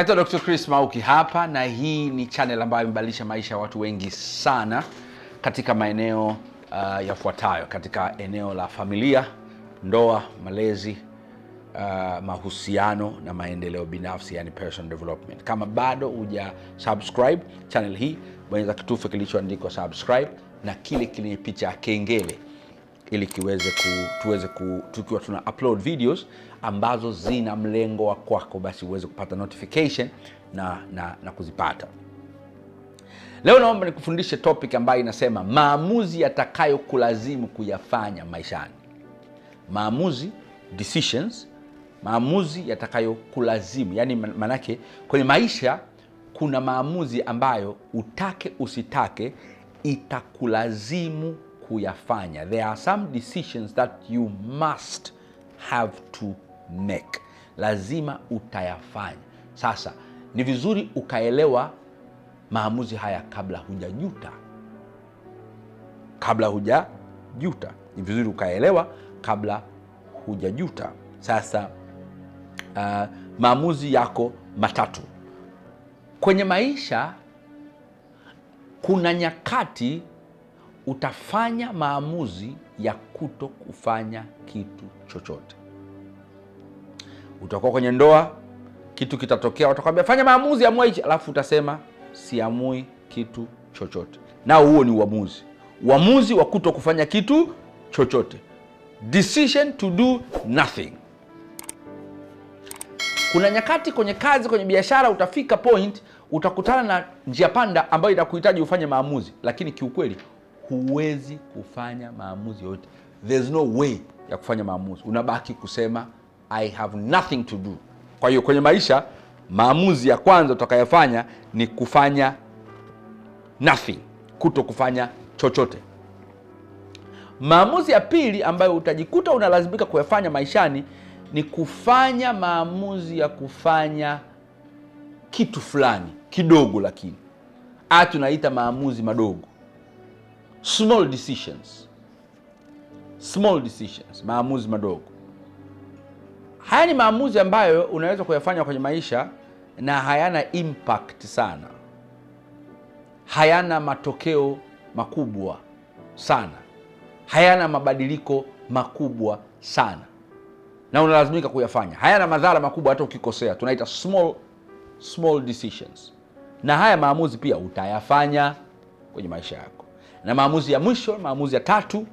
Naitwa Dr. Chris Mauki hapa na hii ni channel ambayo imebadilisha maisha ya watu wengi sana katika maeneo uh, yafuatayo katika eneo la familia, ndoa, malezi, uh, mahusiano na maendeleo binafsi, yani personal development. Kama bado huja subscribe channel hii, bonyeza kitufe kilichoandikwa subscribe na kile kile picha ya kengele ili kiweze ku, tuweze ku, tukiwa tuna upload videos ambazo zina mlengo wa kwako, basi uweze kupata notification na, na, na kuzipata. Leo naomba nikufundishe topic ambayo inasema maamuzi yatakayokulazimu kuyafanya maishani. Maamuzi decisions, maamuzi yatakayokulazimu yaani, maanake kwenye maisha kuna maamuzi ambayo utake usitake itakulazimu kuyafanya. There are some decisions that you must have to make, lazima utayafanya. Sasa ni vizuri ukaelewa maamuzi haya kabla hujajuta, kabla hujajuta, ni vizuri ukaelewa kabla hujajuta. Sasa uh, maamuzi yako matatu kwenye maisha, kuna nyakati utafanya maamuzi ya kuto kufanya kitu chochote. Utakuwa kwenye ndoa, kitu kitatokea, watakwambia fanya maamuzi, amua hichi, alafu utasema siamui kitu chochote. Nao huo ni uamuzi, uamuzi wa kuto kufanya kitu chochote, decision to do nothing. Kuna nyakati kwenye kazi, kwenye biashara, utafika point utakutana na njia panda ambayo inakuhitaji ufanye maamuzi, lakini kiukweli huwezi kufanya maamuzi yoyote, there's no way ya kufanya maamuzi, unabaki kusema I have nothing to do. Kwa hiyo kwenye maisha, maamuzi ya kwanza utakayofanya ni kufanya nothing, kuto kufanya chochote. Maamuzi ya pili ambayo utajikuta unalazimika kuyafanya maishani ni kufanya maamuzi ya kufanya kitu fulani kidogo, lakini a tunaita maamuzi madogo small decisions, small decisions, maamuzi madogo. Haya ni maamuzi ambayo unaweza kuyafanya kwenye maisha na hayana impact sana, hayana matokeo makubwa sana, hayana mabadiliko makubwa sana, na unalazimika kuyafanya. Hayana madhara makubwa hata ukikosea, tunaita small, small decisions. Na haya maamuzi pia utayafanya kwenye maisha yako. Na maamuzi ya mwisho, maamuzi ya tatu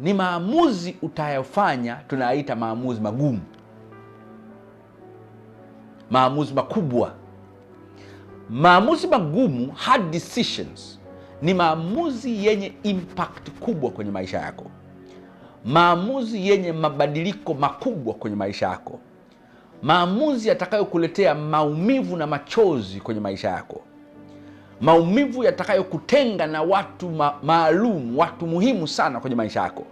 ni maamuzi utayofanya, tunaita maamuzi magumu, maamuzi makubwa. Maamuzi magumu, hard decisions, ni maamuzi yenye impact kubwa kwenye maisha yako, maamuzi yenye mabadiliko makubwa kwenye maisha yako, maamuzi yatakayokuletea maumivu na machozi kwenye maisha yako maumivu yatakayokutenga na watu ma maalum, watu muhimu sana kwenye maisha yako.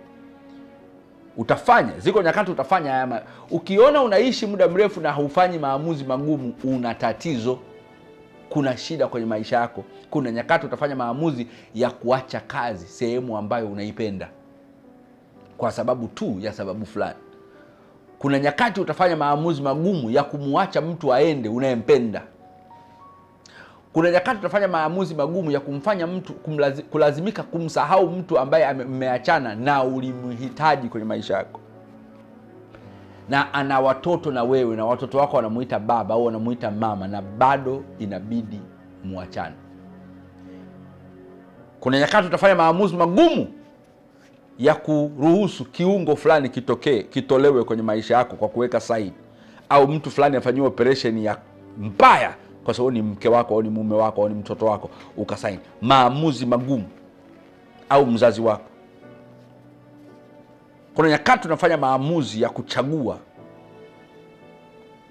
Utafanya, ziko nyakati utafanya haya ukiona unaishi muda mrefu na haufanyi maamuzi magumu, una tatizo. Kuna shida kwenye maisha yako. Kuna nyakati utafanya maamuzi ya kuacha kazi sehemu ambayo unaipenda kwa sababu tu ya sababu fulani. Kuna nyakati utafanya maamuzi magumu ya kumwacha mtu aende unayempenda kuna nyakati tunafanya maamuzi magumu ya kumfanya mtu kumlazi, kulazimika kumsahau mtu ambaye mmeachana na ulimhitaji kwenye maisha yako, na ana watoto na wewe, na watoto wako wanamuita baba au wanamuita mama, na bado inabidi muachane. Kuna nyakati tutafanya maamuzi magumu ya kuruhusu kiungo fulani kitokee, kitolewe kwenye maisha yako kwa kuweka saini, au mtu fulani afanyiwe operesheni ya mbaya kwa sababu ni mke wako au ni mume wako au ni mtoto wako, ukasaini maamuzi magumu, au mzazi wako. Kuna nyakati tunafanya maamuzi ya kuchagua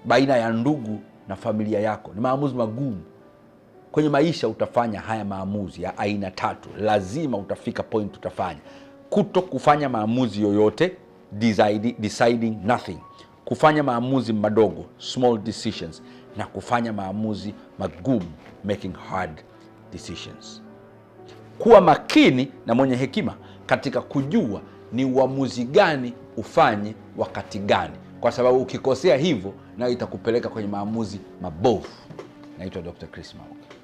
baina ya ndugu na familia yako, ni maamuzi magumu. Kwenye maisha utafanya haya maamuzi ya aina tatu, lazima utafika point utafanya kuto kufanya maamuzi yoyote, deciding nothing, kufanya maamuzi madogo, small decisions na kufanya maamuzi magumu, making hard decisions. Kuwa makini na mwenye hekima katika kujua ni uamuzi gani ufanye wakati gani, kwa sababu ukikosea hivyo, nayo itakupeleka kwenye maamuzi mabovu. Naitwa Dr. Chris Mauki.